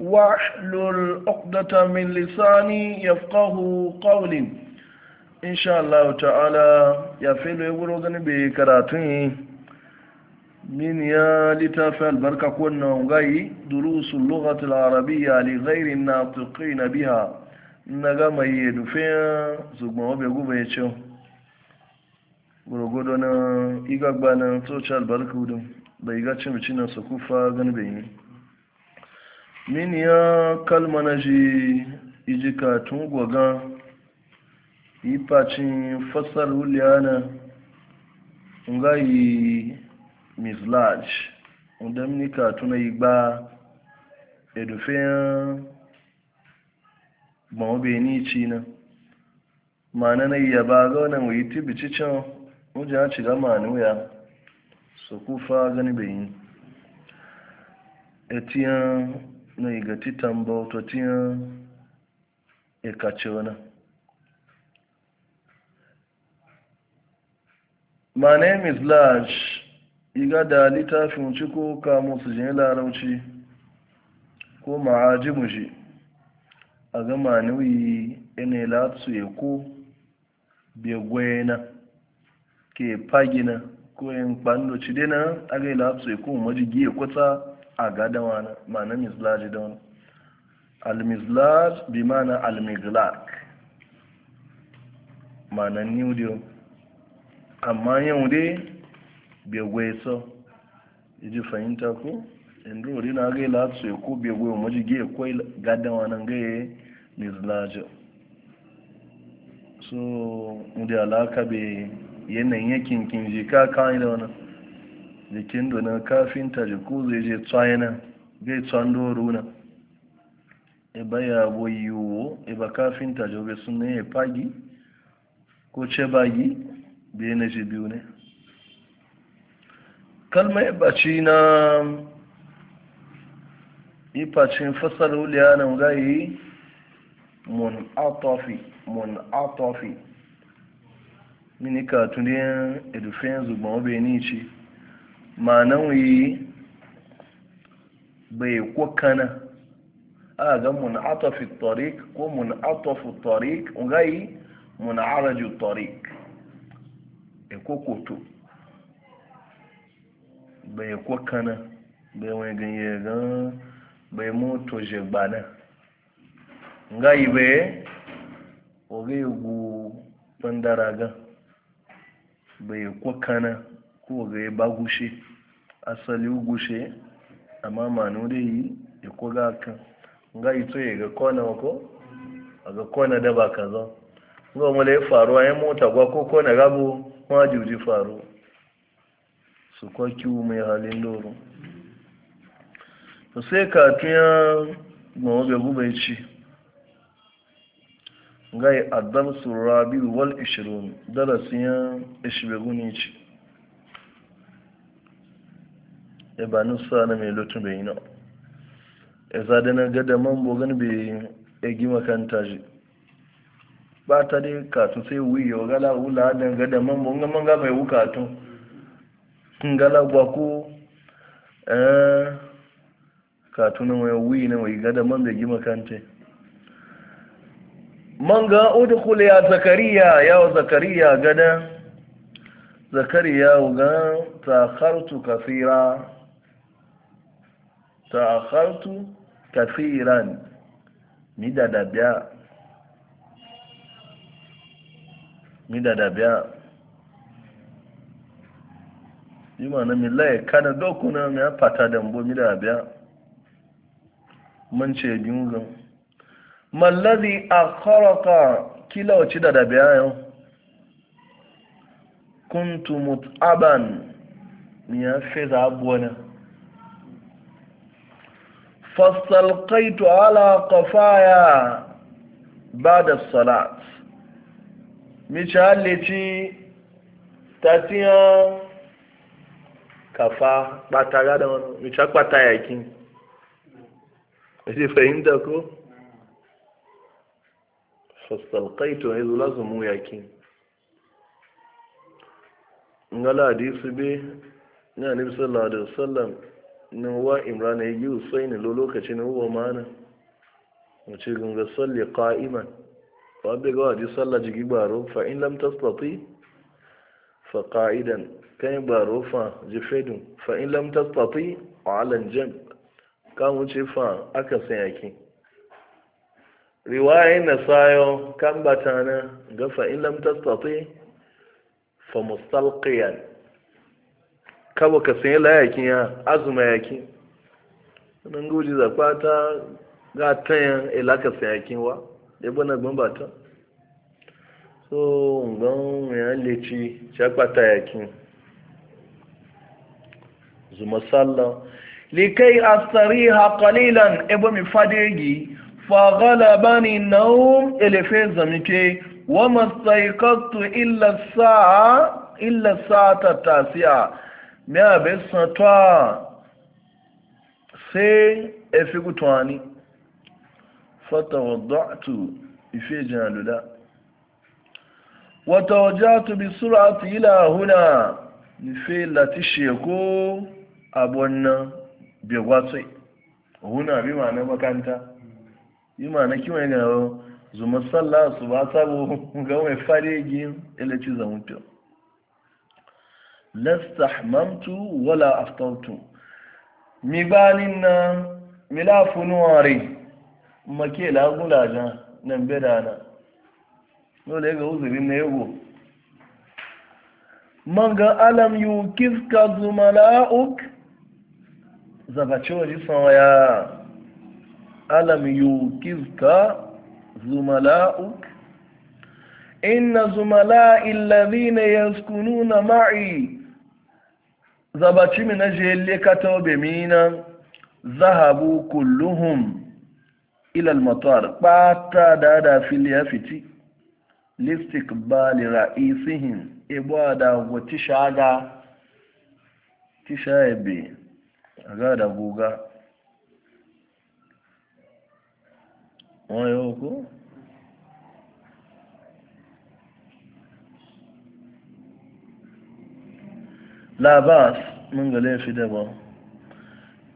واحلل عقدة من لساني يفقه قولي إن شاء الله تعالى يفعل يقولون بكراتي من يا لتافع البركة كنا غي دروس اللغة العربية لغير الناطقين بها نغم يدفع زغما وبيغوبا يتشو gurgudu na igagba na albarka albarkudu bai gacin bicin na su kufa gani bai mini ya kalmana na ji ijika tun gwaga yi facin fasar huliyana nga yi mislaj unda mini ka tuna yi gba edufiyan gbanwabe ni ci na ma'ana na yi yaba ga wannan wuyi tibici can wajen ya shiga ma'anu e ya su kufa gani Eti etiyan na iga titan bauta tiyan ikace wani my name is large iga da littafin ciko kamun su jini larauci ko ma'ajimu shi a gama nuyi ina e latsu ya ko begwena ke fagina ko yin kpando cidina aga latsu ya ko majigi ya kwata a gada wani ma'ana mislaji da wani almislaj bi ma'ana almiglak ma'ana new deal amma yau dai begwai so iji fahimta ko inda wuri na gai latsu ya ko begwai wa maji gai kwai gada wani gai mislaji so inda alaka bai yanayin yakin kinji ka kawai da wani jikin na kafin ta jiku zai je tsayana zai tsan doruna iba ya boyiwo yiwo iba kafin ta jobe sun ne pagi ko ce bagi biye na ji biyu ne kalma ibaci na ifacin fasar wuliya na gayi mun atofi mun atofi mini katuniyar edufin zugbọn obin ni ce ma nan yi bai kokana a ga mun'atafi tariq ko mun'atafu tariq ngai mun'araju tariq e kokoto bai kokana bai wani ganye gan bai moto je gbana ngai bai oge gu bandara gan bai kokana ko ga ya bagushe asali ugushe amma manu da yi ya koga aka nga ito ya ga kona ko a ga kona da ba ka zo ga mula ya faru a mota gwa ko kona gabo kuma juji faru su kwa kiwu mai halin doro to sai ka tuya gbawa ga gubai ci ga yi adam rabi wal ishirun darasin ya ishibeguni ci e ba nusa na mai lotun bai yi na e zade na gada man bogan bai e gima kanta shi ba ta dai katun sai wuyi wa gala wula da gada man bogan manga mai wukatun kun gala gwa ko eh, katu na mai wuyi na mai gada man bai gima ga manga udkhul ya zakariya ya zakariya gada zakariya ga takhartu kasira. ta'akhartu kafiran mi dada biya mi dada yi ma na mi laye kada dokuna mi a fata dambo mi dada biya man ce biyun gan mallazi ka kila wace dada biya yau kuntu mutaban mi ya feza abuwa na fasalkaitu ala kafaya ba da salat mici halici tatiyan kafa ɓatara da wani mici akpata yakin isi fahimta ko? fasalkaitu yanzu lazumu yakin ngala hadisi be na nabi sallallahu alaihi wasallam Nuwa wa imran ya yi usai ne lokaci na uwa mana mace gunga salli qa'iman fa bi ga wadi salla jigi baro fa in lam tastati fa qa'idan kan baro fa ji fedun? fa in lam a ala jam kan wuce fa aka san yake Riwayen na sayo kan batana ga fa in lam tastati fa mustalqiyan kaba ka sayi layakin ya azuma yakin nan goji zafata ga tayan ilaka sayakin wa ya bana gbambata so ngan ya leci shakpata yakin zuma sallah likai ha qalilan ebo mi fadegi fa ghalabani nawm elefe zamike wa mastaiqatu illa saa illa ta tasi'a me abe santwa sai efi gutwani fata wadatu ife jalula wata wajatu bi sur'ati ila huna ife latishe ko abonna bi gwatsai huna bi ma na makanta yi ma na kiwon ga zuma sallah su ba sabo ga mai fare mu ileci zamuntiyar lastahmamtu wala aftautu mi banin na milafunuware make lagulaja nan bedana dole ga uzurin na yago manga alam yukifka zumala'uk zabacewa jisan ya alam yukifka zumala'uk inna zumala'il ladhina yaskununa ma'i zabaci mi na je lekata bemina zahabu kulluhum ilal matuwar ɓata da da fili ya fiti listik bali ra'isihin ibuwa e da gwati shaga tisha ebe da guga wọ́n yóò labas mun ga laifi daban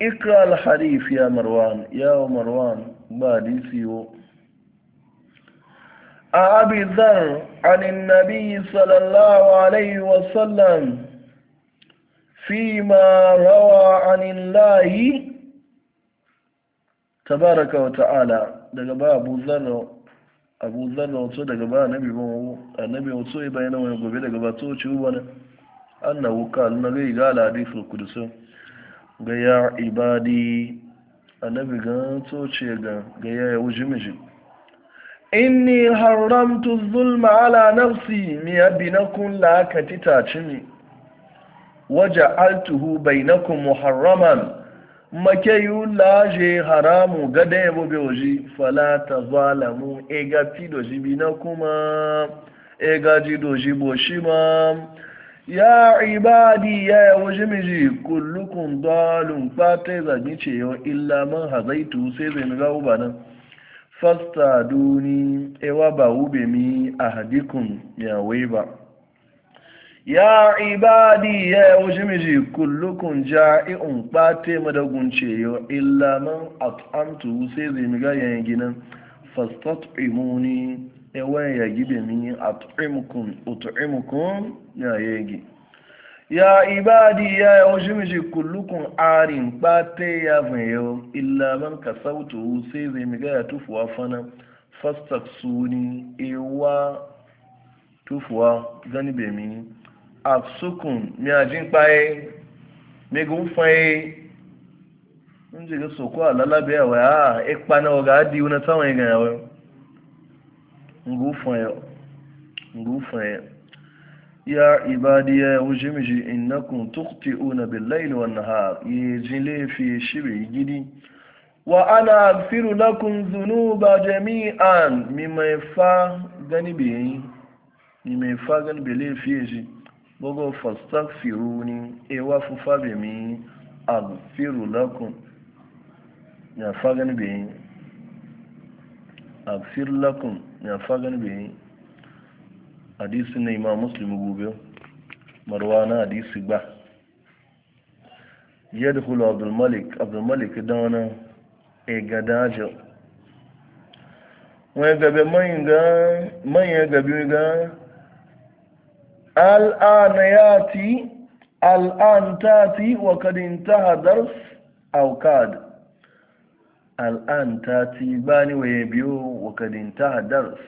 ikra alharif ya marwan yawo marwan ba disiwo a abi zar anin nabi sallallahu alaihi wasallam فيما روى عن Tabaraka wa Ta'ala, daga ba abu zarra abu zarra wato daga ba annabi ba annabi wato ya bayyana wani gobe daga ba to ci wani annahu qala na gai ga hadisul qudsi ga ya ibadi annabi ga ce ga ya wuji inni haramtu zulma ala nafsi mi abinakum la katita cimi bai bainakum muharraman makeyu laje haramu gada yabo beoji fala tazalamu ega fi doji na kuma ga ji doji boshi ma ya ibadi ya yawo jimiji kullukun dalun fata zagin ce yau illa man hazaitu sai zai ga uba nan fasta duni ewa ba ube mi a hadikun yawai ba ya ibadi ya yawo jimiji kullukun ja'i'un fata madagun ce yau illa man at'amtu sai zai ga yayin ginin fasta imuni ewen ya gibe min at'imukum ut'imukum ya yegi ya ya yawshimiji arin bate ya vayo illa man kasautu sai zai miga ya tufuwa fana fastaksuni ewa tufuwa gani be min afsukun mi ajin paye jiga soko alalabe awa na oga ngufaye ya ibadiya ya wuce miji innakun tukti una billaili wa nahar ya ji laifi shiri gidi wa ana agfiru lakun zunuba jami'an e mi mai fa gani biyayi mi mai fa gani bi laifi ya ji ewa fufa bi mi agfiru lakun ya fa gani biyayi agfir lakum ya fagan bai hadisi na imam muslim gobe marwana hadisi ba yadkhulu abdul malik abdul malik dana e gadajo wani gabe manyan gabe ga al'ana ya ti al'an ta ti wa kadin ta hadar aukad al'an ta ci ba ni waye biyo kadin ta dars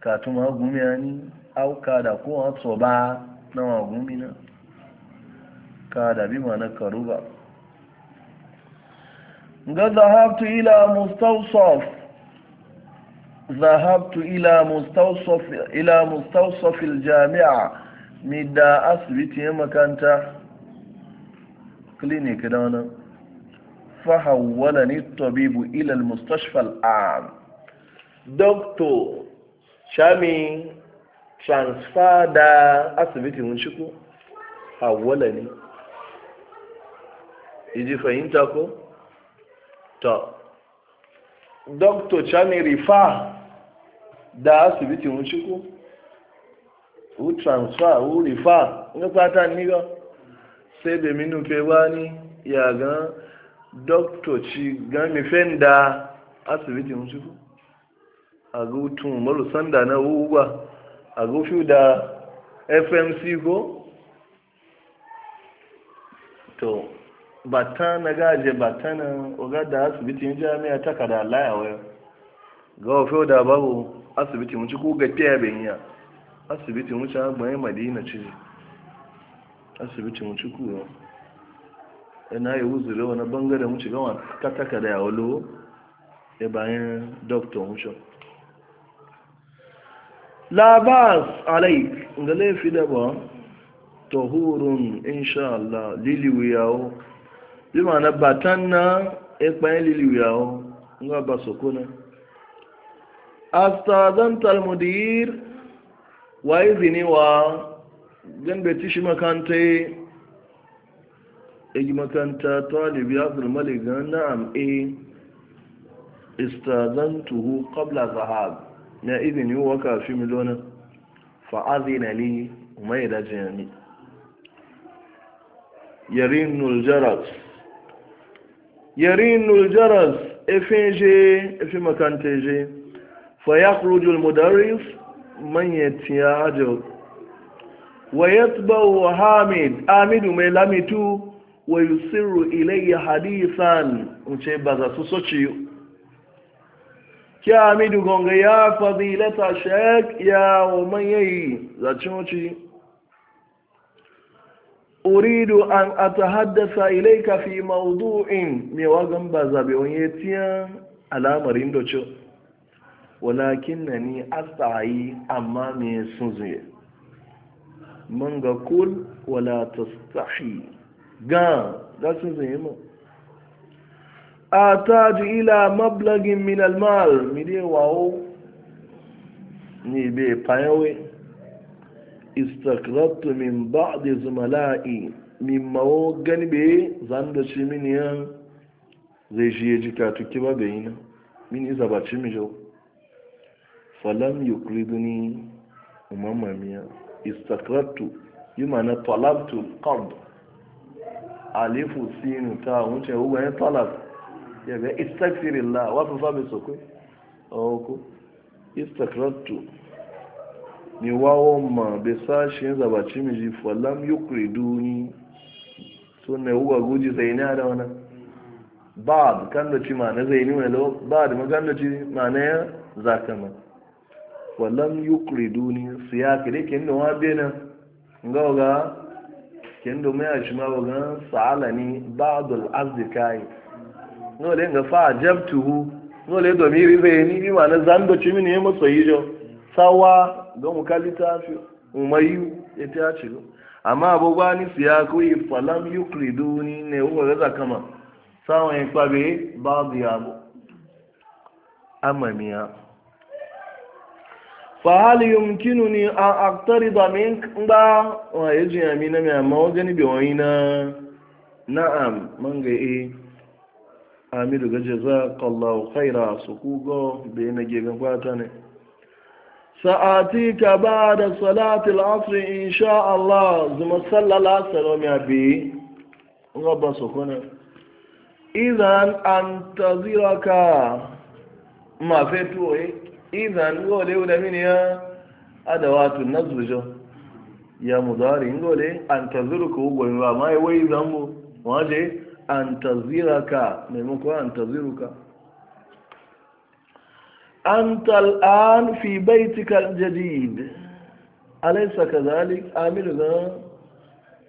ka tuma gumi ni auka da ko a so ba na wa gumi na ka da bi ma na karu ba ga zahabtu ila mustawsaf zahabtu ila mustawsaf ila mustawsaf aljami'a midda asibiti makanta clinic da wannan fahawwalani tabibu ila al-mustashfa doctor shami transfer da asibitin shiku hawwalani iji fahimta ko doctor rifa da shiku u transfer u rifa fata ni sai da minu bani ya doktoci gami fenda asibitin su a gutun marusan da na wuba a gufi da fmc ko to bata na gaje bata na oga da asibitin jami'a ta kada layawar ga ofe da babu asibitin wuce ko ga fiye benya asibitin wuce agbanyi madina ce asibitin wuce kuwa na yi wuzule wani bangare mu shiga wani kataka da yawon lowo ya bayan doktor mushon labas alaik ga laifi da ba tohurun inshallah liliwiyawo lima na batan na ikpayin e liliwiyawo nga ba sokuna astazantar mudir wa izini wa gan beti shi makanta igi makanta talib ya zulmali ga na'am e istazantuhu qabla zahab na izini wa kafi milona fa azina li mai da jami yarinul jaras yarinul jaras efeje efi makanteje fa yakhruju al mudarris man yatiyajo wa yatba'u hamid amidu mai lamitu wa yusiru ilayya hadisan unce ba za su soci kya midu gonga ya fadilata shek ya wa manyayi za chochi uridu an atahaddasa ilayka fi mawdu'in me wa ba za be onye tiya alamarin docho walakinnani asta'i amma me sunzuye manga kul wala tastahi gan za su zai ma a ta ji ila mablagin min almal mide wawo ni be fayawe istakrabtu min ba'di zumala'i min mawo gani bai zan da shi mini yan zai shi ya ji katuki ba bai na mini zabaci mi jau falam yukriduni umamamiya istakrabtu yi mana talabtu qard alifu sinu ta wuce huwa ya talab ya ga istakfirillah wasu fabi su kwe oku istakrattu ni wawon ma be sashen zabaci miji falam yukuri duni sun ne huwa guji zaini ne da wani bad kan da ci ma na zai ni wani lau bad ma kan da ci ma na ya zakama falam yukuri duni siyaki da ke nuna wa bena ga kendo mai a shima ba gan sa'alani ba'dul azdikai no le nga fa jabtuhu no le do miri be ni bi mana zando chimi ne mo so yijo sawa ga mu kalita fi umayu ete a chilo amma abogwa ni siya ko yi falam yukriduni ne wo ga za kama sawa en kwabe ba'd yabo amamiya fahal yumkinuni an aqtarida mink da wa yaji amina mai amma biyo bi na na'am manga e amiru ga jazakallahu khaira sukugo be na ge ga kwata ne sa'atika ba'da salati al-asr insha Allah zuma sallala salama bi rabba sukuna idan antaziraka ka. fetu eh izan gole da mini ya adawatu nazrujo ya mudari gole an taziruka ugwai ba ma yi wai zambo waje an maimakon an أنت الآن في بيتك الجديد أليس كذلك أمير ذا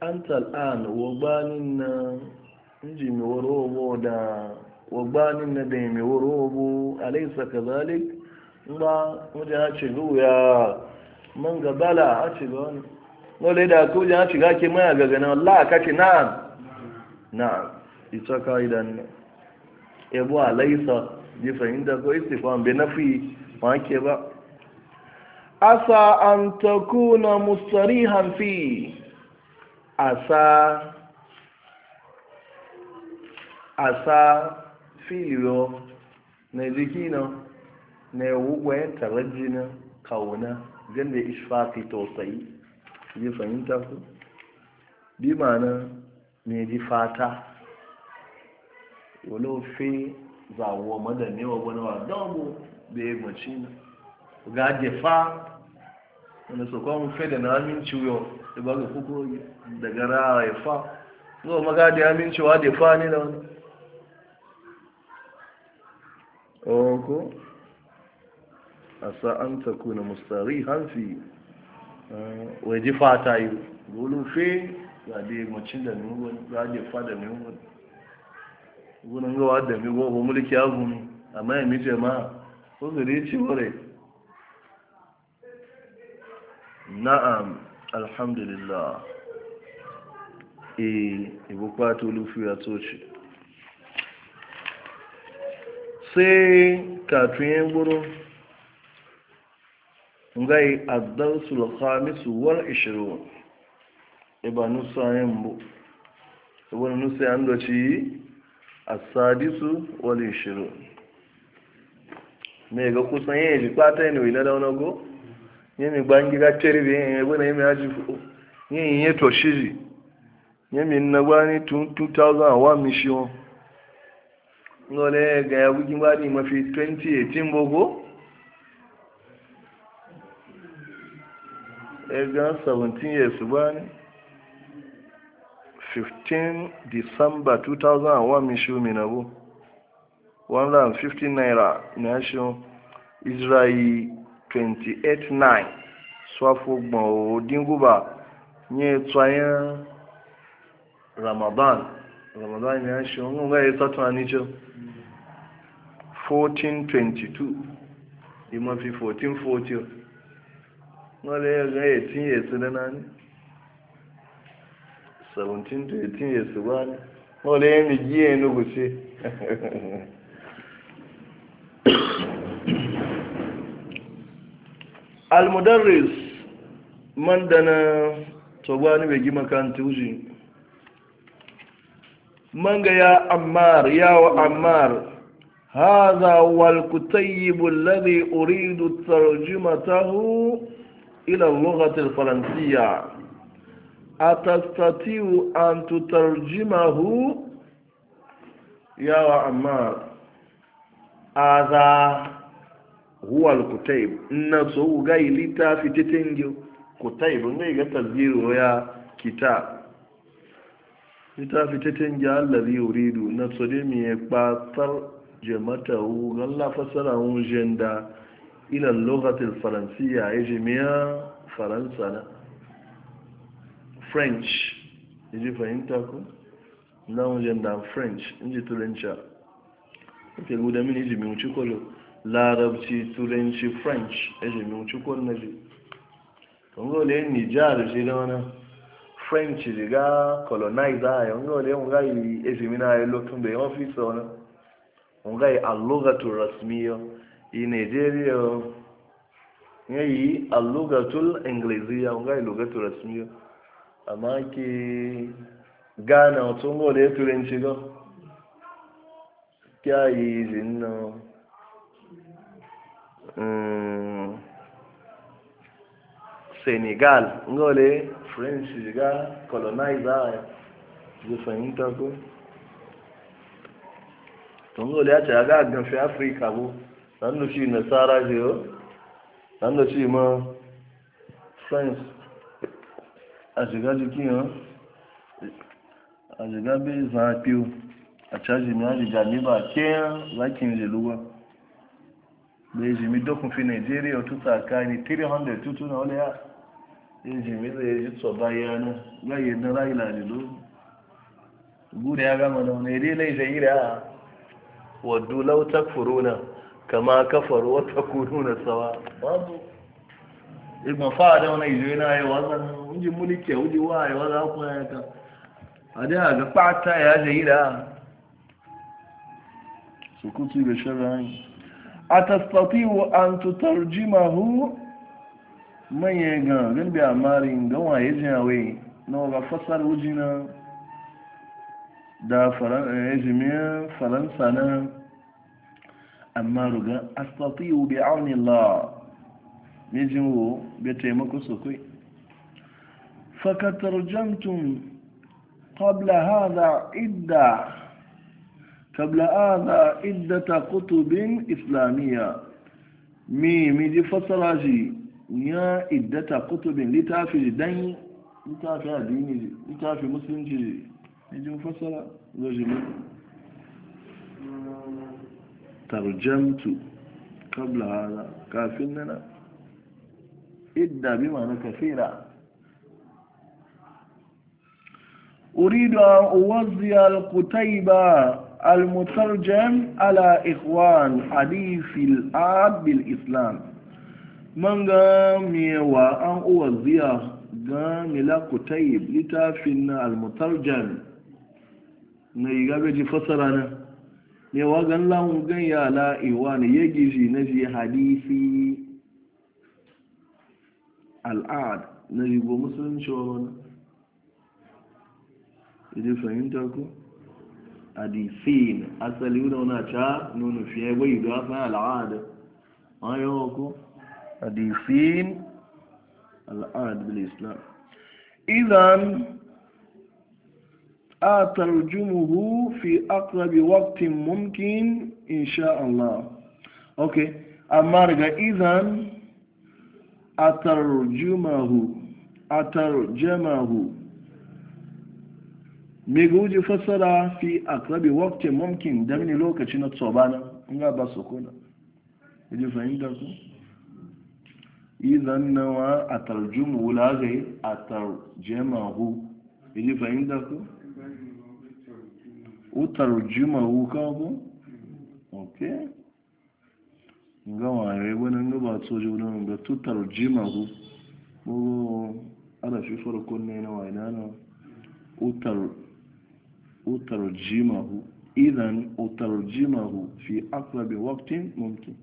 أنت الآن وباننا نجي وروبو دا وباننا ديمي وروبو أليس كذلك ngba wọ́n jẹ́ àti ìlú ya mọ́ngàbálà àti lọ́nà wọ́n ga dà kó jẹ́ àti gáàkì mọ́ na náà láàkàkì náà náà ìtọ́ka ìdáná ẹ̀bù àlẹ́sà di fahimta ko istifan bai nafi ke ba asa an takuna mustarihan fi asa asa filiyo na jiki na na yawu gwayen taraji na kawuna ganda ishfafi tausayi ji fahimta ku bi ma'ana ne ji fata wani fi zawo madane wa wani wa damu da ya mace na ga jefa wani su kwan da na aminci yau da ba ga kuku daga rawa ya fa zuwa maga da amincewa jefa ne da wani ko asa an takuna mustarihan fi waje fata yi golin fe ga dai macin da nuwa ga da fada mai wani gunan gawa da mai gobe mulki ya gumi amma ya mice ma ko zuri ci wure na'am alhamdulillah e ibukwa to lufi ya toci sai katun yin gurin ngai ad khamis wal 20 iba e nusayen bu wani nusayen da ci as-sadisu wal 20 me ga kusan yin ji pata ni wila da wani yin mi gbangi ga tere bi yin ebe na yin mi aji fu yin yin to shiri yin mi nnagba ni 2001 mi shi wọn ngole ga ya gugin ba ni mafi 2018 bogo egan 17 years ba ne 15 december 2001 na bu 150 naira na shi israeli 28-9 swafogbon odinguba nye tsayen ramadan ramadan ya shi wani ga ya tsatun a nijar 1422 imafi 1440 wale ya ga ya cinye su da nani 17 to ya cinye su ba ne wale ya migi ya nugu ce almudarris man da na tsogbani bai gima kan tuzi man ga ya ammar yawo ammar هذا والكتيب الذي أريد ترجمته إلى اللغة الفرنسية أتستطيع أن تترجمه يا عمار هذا هو الكتيب نسو غاي لتا في تتنجو كتيب غاي تسجيل يا كتاب لتا في تتنجا الذي يريد نسو دي مي باطر جمته غلا فسره جندا ila lokacin faransiya ya ji miya french ya ji fahimta ku na wajen french in ji turanci ake guda mini ji mai wuce kwallo larabci turanci french ya ji mai wuce kwallo na ji kungo le nijar ji na wani french ji ga colonizer ya kungo le yawon ga yi ezimina lokacin da ya ofisa wani kunga yi allogatun rasmiyo i nigeria ya yi allugatul ingiliziya nga ilugatul rasmiyo amma gana otun gole ya turanci ga yi izin na senegal ngole french ga colonizer ya fahimta ko tun gole ya ce ga gafe sannu shi nasara o yau sannu shi ma science a shiga jiki yau a shiga bai zan fiyo a caji mi hajji jami ba kiyan zakin jeluwa bai ji mi dokun fi nigeria ka ni 300 tutu na wale ya yin ji mi zai ji tsoba yana gaye na rayu na jeluwa gure ya gama da wani rile zai yi da wadu lau furuna kama kafar wata kununa sawa babu ibn fa'ada wani ijo yana yi zan wujin mulki wuji wa yi za kuma ya ta a da ga fata ya jayi da su kuci da shirin a wa an tutar jimahu manye ga gambe a marin gawa ya jinawe na waga fasar wujina da eh, faransa na amma ruga astatiyu bi auni Allah mijin wo bai taimako su kai fakatar jamtun qabla hadha idda qabla hadha iddata kutubin islamiyya mi mi ji fasara shi ya iddata kutubin littafi dan littafi addini littafi musulunci ne ji fasara zo ji ترجمت قبل هذا كافننا إدى بما كثيرا أريد أن أوزي القتيبة المترجم على إخوان حديث الآب بالإسلام من قامي وأن أوزي قامي لقتيب لتافن المترجم نيجابي فصلنا ne wa gan lawun gan ya la iwani ya gizi na shi hadisi al'ad na rigo musulunci wa wani idi fahimta ku hadisin asali wuna wana ca nuna fiye bai da afin al'ad an yawa ku hadisin al'ad bil islam idan atarjumuhu fi aqrabi waqtin mumkin insha Allah okay amma daga idan atarjumahu atarjamahu me guji fassara fi aqrabi waqtin mumkin da lokaci na tsobana in ga ba su kuna fahimta ku idan nawa atarjumuhu la gai atarjamahu utarujima wuka ko ok nga waye na nga ba soja wani nga tutarujima ku gbogbo ala na waye dana utarujima ku idan fi akrabi waktin mumkin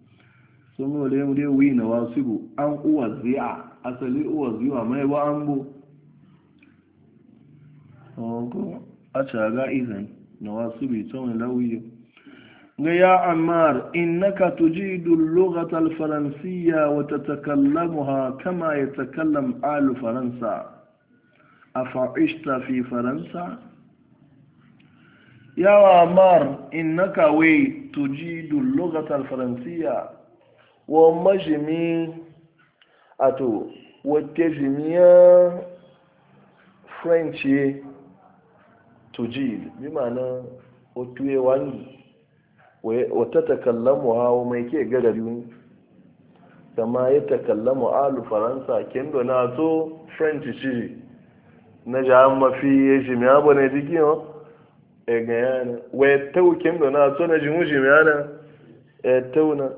na wasu an uwa zi'a asali uwa zi'a mai ba an bu a ga na wasu bai tsawon lauyi ga ya ammar innaka tujidu lughata alfaransiyya wa tatakallamuha kama yatakallam alu faransa afa'ishta fi faransa ya ammar innaka wai tujidu lughata alfaransiyya wa majmi ato wa tejmiya french tujid bi ma'ana otuye wani wata takallamu hawa mai ke gagari kama ya takallamu alu faransa kendo na to french ci na ja mafi ya shi mai abu na jiki no e ga yana wai tau kendo na to na jimu shi mai yana e tau na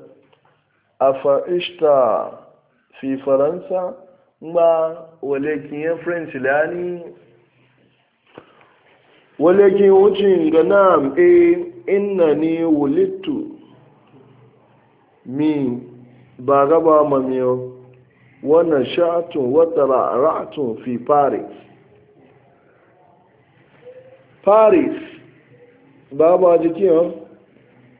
afa ishta fi faransa ma wale kiyan french lani walakin wucin ga na'am e inna ni wulittu mi ba gaba mamiyo wannan sha'atun wata tun fi paris paris babu a jikin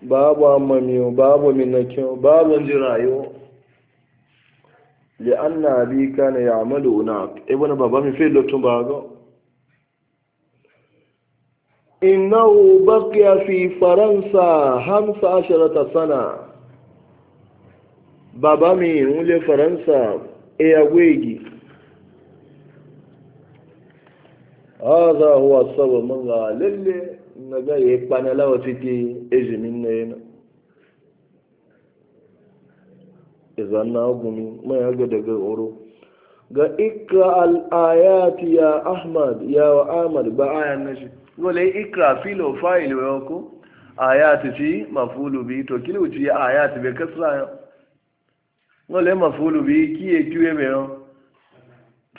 babu a mamiyo babu minakin babu jirayo li'anna bi kana ya amalu na ibn baba mi fi lotun ba gaba إنه بقي في فرنسا خمس عشرة سنة بابا مين ولي فرنسا ويجي هذا هو السبب من قال للي نجا يكبانا لو تيتي إجي مننا إذا ناقمي ما يقدر يقول ga ikra al-ayati ya ahmad ya wa ahmad ba ayan nashi gole ikra filo fa'il wa yoko ci mafulu bi to kile uci ayati be kasra yo gole mafulu bi kiye kiwe me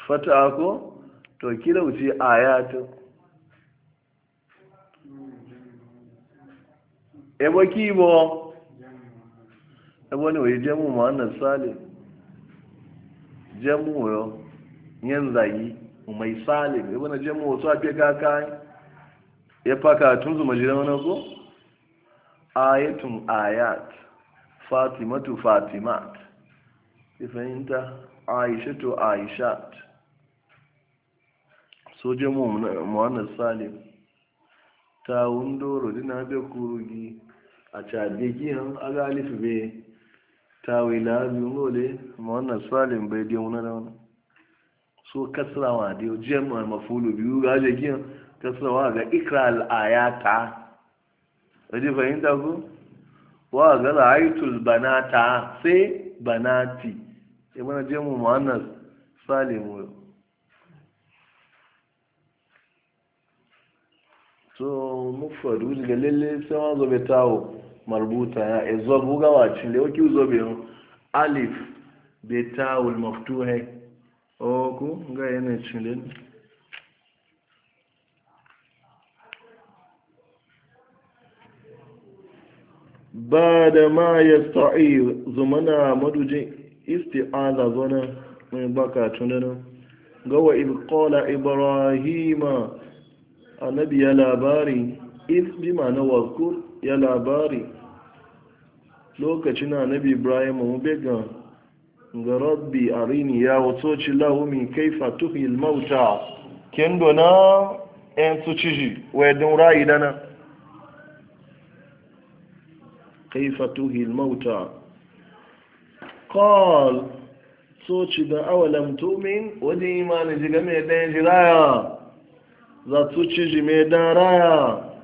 fata to kile uci ayati ebo kibo ebo ne oye jemu muhannas salim jemu yo nyen zayi umai salim ebo na jemu wasu ape kakai ya faka tun zuma jira wani ko ayatun ayat fatimatu fatimat Aisha. aishatu aishat sojin muhammad salim ta wundo dina bai kurugi a cadegi han agalif bai ta wila biyu nole muhammad salim bai dai da wani so kasarawa da yau jiyar mafulu biyu ga ajegiyan wa ga ikra al'ayata Wani fahimta ku wa ga ra'aitul banata sai banati ya mana je mu muhannas salimu so mufadu daga lalle sai ma zobe tawo marbuta ya e zobu gawa cin da yake zobe alif be tawo maftuhe o oh, ga yana cin ba da ma ya sa'i zumana madujin isti'aza zana mai baka tunanin gawa ibkola ibrahima anabi ya labari isbi ma na waskur ya labari lokacin annabi ibrahim mu bega ga rabbi arini ya wato ci lahumi kaifa tuhi mauta kendo na yan su ciji wadin rayu dana كيف تهي الموتى قال soci da awalam tumin wajen imani jiga mai dan jiraya za su ci ji mai dan raya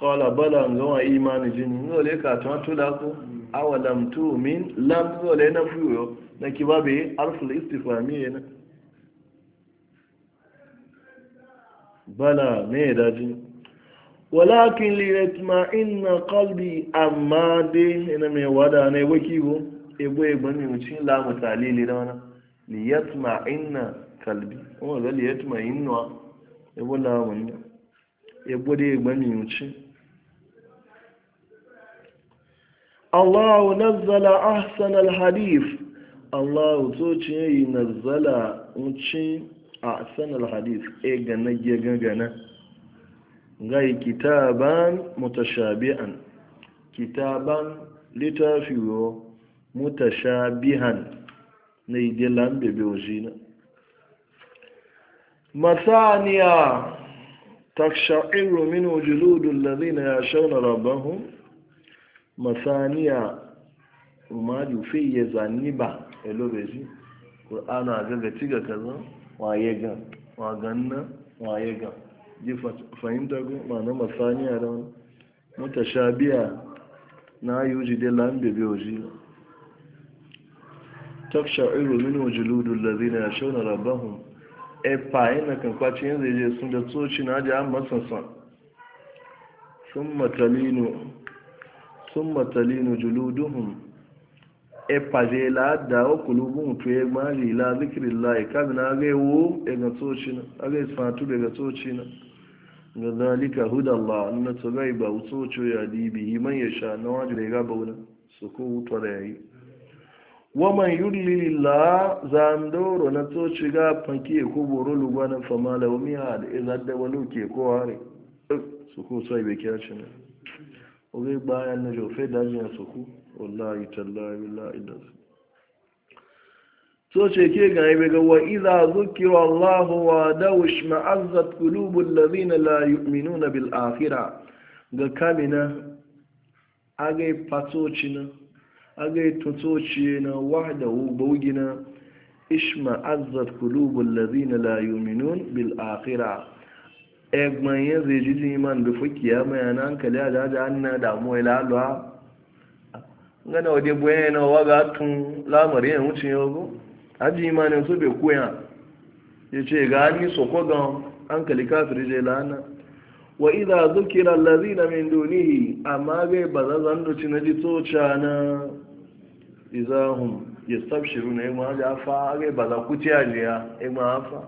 kawala bala gawa imani jini yole ka tuma tula ku awalam tumin lam yole na fiyo na kibabe arful istifami yana bala mai dajin walakin liratma inna qalbi amma dai ina mai wada ne waki go ebo ebo ne mucin la mutali ne da wannan liyatma inna qalbi o da liyatma inna ebo la wannan ebo dai egba mi mucin Allah nazzala ahsan alhadith Allah to ce nazzala mucin ahsan alhadith e ganna ganna gai kitaban mutashabi'an kitaban littafi yo mutashabihan na ide lambe beojina masaniya taksha'iru min juludul ladhina yashawna rabbahum masaniya umaju fi yazaniba elobezi qur'ana ga ga kaza waye ga wa ganna waye ga ji fahimta ko ma'ana masaniya da wani mutashabiya na yi de dai lambe bai uji tafsha'iru min wujuludul ladina yashawna rabbahum e fayin na kankwacin yanzu je sun da tsoci na ji an masansan sun matalinu sun matalinu juluduhum e faje la da o kulubun to e ma li la e kan na ga wo e ga tsoci na aga isfatu daga tsoci na ga zalika hudallah an na Tsogai ba wuce ya dibi man ya sha na wajen da ya gaba wuna su ko wuta da ya yi waman yulilila zandoro na tsoci ga fanki ya kubo boro lugwanin fama da wamiya da izar da wani ke ko hari su ko sai bai kya shi ne oge bayan na jofe dajiyar su ko wallahi tallahi billahi da su so ce ke ga ibe ga wa idza zukira Allah wa dawsh ma'azzat qulubul ladina la yu'minuna bil akhirah ga kamina agai patocina agai totocina wahda bawgina ishma azzat qulubul ladina la yu'minun bil akhirah egman yin zai iman da fukiya mai yana hankali a jaja an na damuwa ilalwa gana wade buwaye na waga tun lamarin wucin yau aji imanin su bai koya ya ce ga an yi soko don hankali kafiri je lana wa idha zukira allazina min dunihi amma bai bazazan doci na ji tsoca na izahum yastabshiruna ima ja fa bai baza kutiya ne ya ima fa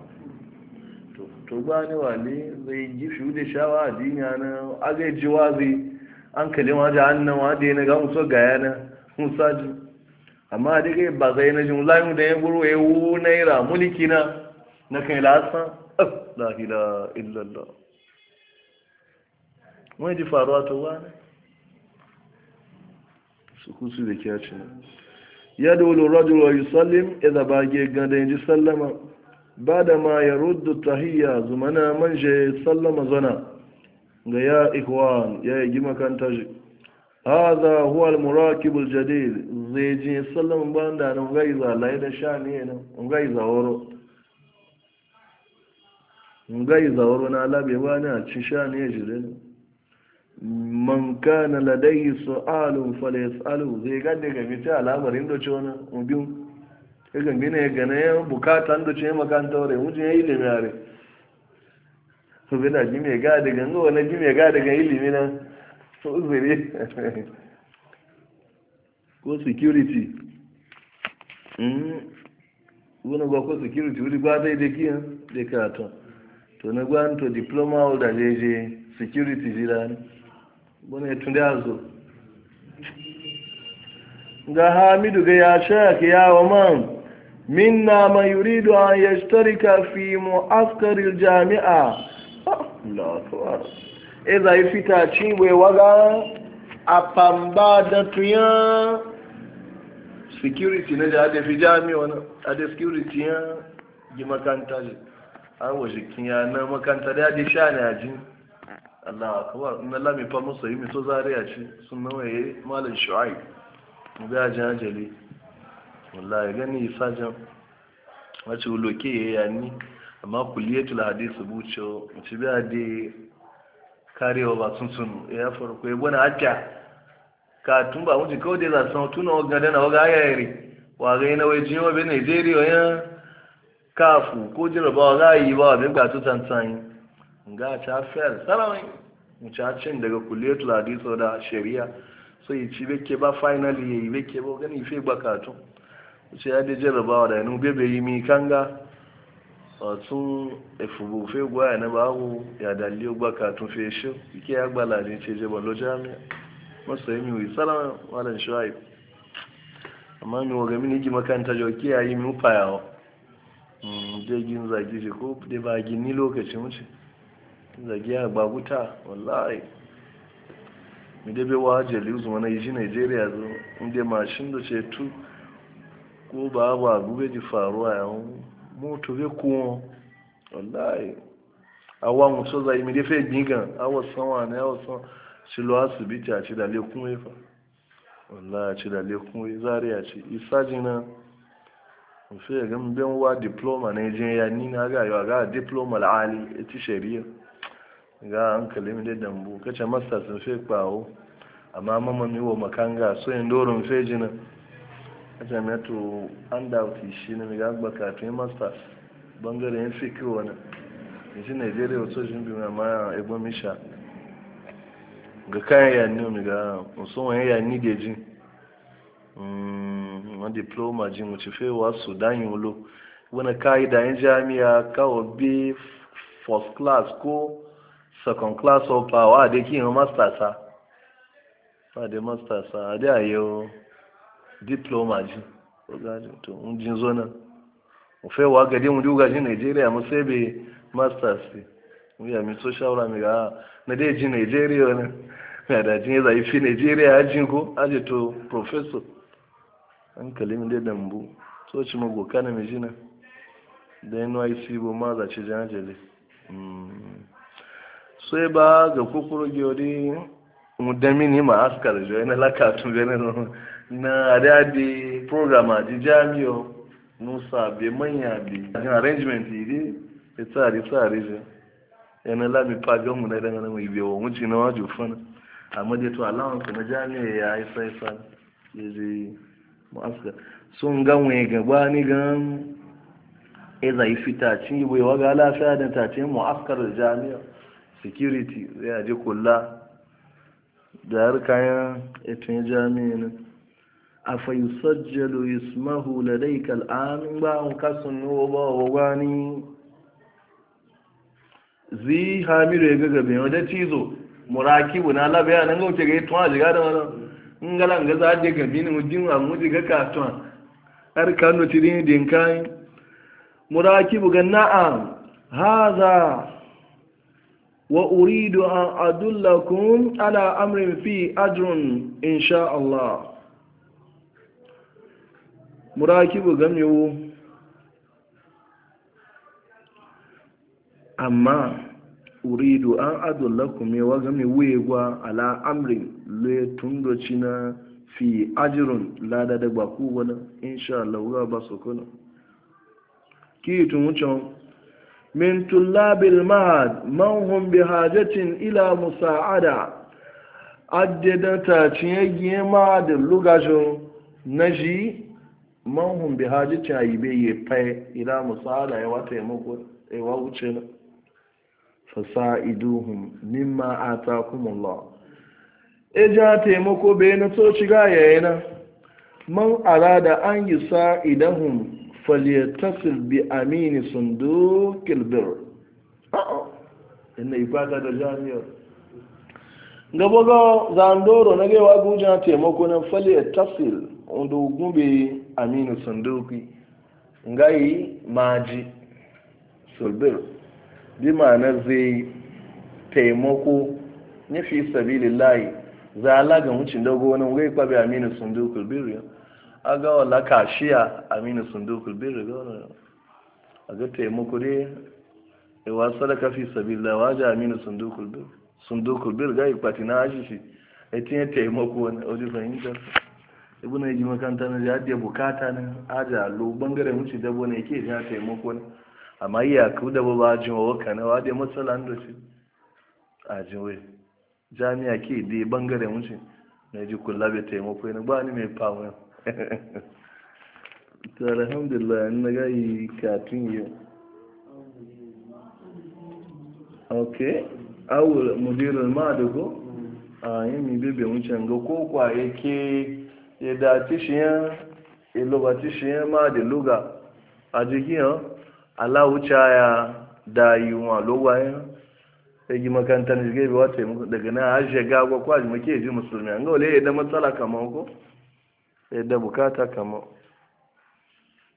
to to ba ne wale zai ji shi da shawa adinya na agai jiwazi hankali ma ja annawa da ne ga muso na yana musaji amma da kai ba zai na jin layin da ya buru ya wu naira mulki na na kai lasa la da illalla. wani ji faruwa ta ne su kusu da kya ci na ya wulo rajulwa yi sallim ya zaba ge gada yin ji sallama ba da ma ya ruddu tahiyya zumana manje sallama zana ga ya ikwan ya yi kan shi هذا هو المراكب الجديد زي سلم باندا نغيزا لايدا شاني نغيزا ورو نغيزا ورو نا لابي وانا تشاني يجري man kana ladayhi su'alun falyas'alu zai gade ga bi ta al'amarin do chona ubiu e ga ngine ga ne bukata ndo che makanta ore mu je ile mare so bena jimi ga na jimi ga de ga ile so ko security wani ba ko security wuri ba zai da kiyan da katon to na gwan to diploma holder je je security jira ne wani tun da zo ga hamidu ga ya shaya ki yawo min minna man yuridu an yashtarika fi mu'askar jami'a ah, Allah akbar eza ifita chibwe waga apamba da tuya security na da ade fijami wana ade security ya ji makanta ne an waje kinya na makanta da ade shani ne aji Allah akbar inna la mi fa musa yi mi so zariya ci sunna waye malam shu'aib mu ga jajali wallahi gani sajan wace uloke ya ni amma kulliyatul hadith bucho mu ci bi ade karewa ba sun sunu ya farko ya gwana hajja ka tun ba mutu kawai da zasu tuna waga dana waga ayayari waga yana wai jiwa bai nigeria ya kafu ko jirabawa za a yi ba wa bai gatu tantan ga ta fiyar sarawai mucacin daga kuletul hadiso da shari'a sai ci beke ba finally yayi beke ba gani fe gbakatu sai ya da jarabawa da yanu bai yi mi kanga Wasu efubo fe gwaya na bawo ya dalli ogba katun fe shi ike ya gbala ne ce je balo jami'a masu yi miwi salam malam shuaib amma mi waga mini gi makanta jo ke yayi mi fayawa je gin zagi je ko de ba gini lokacin wuce zagi ya gba guta wallahi mi de be wa je liuzu mana yi Nigeria zo inde mashin da ce tu ko ba ba gube ji faruwa yawon moto ve kuwa wallahi awa mutu zai mi dafe gigan awa wa ne awa san shi lo asibiti a ci da lekun ya fa wallahi a ci da lekun ya zari a ci isa jina musu ya ga mbin wa diploma na ijin ya ni na ga yawa ga diploma ali al'ali ita shari'a ga hankali mi da dambu kace masters sun fe kwawo amma mamami wa makanga so yin doron fe jina jami'atu an dauti shi ne mai gagba kafin masters bangare yin fi wani ne yanzu nigeria wasu jin biyu na mara ebo misha ga kayan yanni mai ga wani yanni da ji mm, wani diploma jin wuce fewa su danyi wulo wani kayi da yin jami'a kawo bi first class ko second class of power da kiyin masters a ba da masters a da yau diploma ji ogaji to mun jin zo nan mu fai wa gade mu duga ji Nigeria mu sai be masters mu ya mi so shawara mi ga ah, na dai ji Nigeria ne ya da jin zai fi Nigeria ajin ko aje to professor an kalimin da bu, so ci goka na mi jina da NYC bo ma za ci jan jale hmm. sai ba ga kokoro gyori mu da mini ma askar jo ina bene benin na adadi program a ji jami'o nusa be manya be jin arrangement iri ya tsari tsari je yana lami pajon mu na daga nan ibe wa mu na waju fana amma dai to allowance na jami'a ya isa isa sai ya je mu aska sun ganwe gaba ni gan e zai fita cin ga waga lafiya da ta ce mu askar jami'a security ya je kula da har kayan etin jami'a afayusajjalu ismahu ladaika al'amin ba an kasun nuwa ba wa wani zi hamiru ya gaga bayan wadda cizo murakibu na labaya nan gauce ga yi tuwa jiga da wani ngala ga za je gabi ne mujin wa muji ga ka har ka no tiri din kai bu ga na'am haza. wa uridu an adullakum ala amrin fi ajrun insha Allah murakibu gam yawo amma uridu an adullakum mewa gam yawo yagwa ala amrin le tundoci na fi ajirun lada da baku wani insha Allah ga ba su kuna ki tun wucin min tullabil mahad man hum bi hajatin ila musa'ada addada ta ciye giye ma da na naji manhun bi hajjicin ayibe ya fai ila musala ya wata yawa wuce na fasa'iduhum mimma atakumullah e a taimako bai na toci gaya yana man da an yi sa'idahum falyatasil bi amini sundukil bir a'a inda yi da jami'ar gaba ga zandoro na gaiwa gujan taimako na falyatasil wanda gube aminu sunduki ngayi maji sulbir bi ma'ana zai taimako ya fi layi za a laga wucin dago wani wai kwabe aminu sunduki birri a ga wala kashiya aminu sanduki birri ga wani a ga taimako dai ewa sadaka fi sabilillahi waje aminu sunduki birri sanduki birri ga ikpati na ajishi ya tinye taimako wani wajen fahimtar ibu na ji makanta na jihar da bukata na aja lo bangare wuce dabo ne ke ja taimako ne amma iya ku dabo ba jin wa waka na wa da matsala da shi a jiwe jami'a ke da bangare wuce na ji kula bai taimako ne ba ni mai fawo to alhamdulillah na ga yi katin yau ok awul mudirul ma da ko a yi mi bebe wuce ga ko kwaye ke ìdá tíṣìyàn ìlọ́gbà tíṣìyàn máa dì lúgà àjíkíyàn aláwùcháyà da yiwuwa lọ́gbàyàn egi makaranta ne ga bi wata daga na aje ga gwa kwa ji make ji musulmi an ga ya da matsala kama ko da bukata kama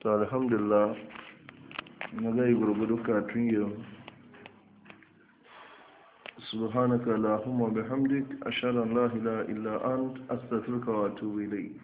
to alhamdulillah na ga yi gurgudu karatun yau subhanaka allahumma bihamdik ashhadu an la ilaha illa ant astaghfiruka wa atubu ilayk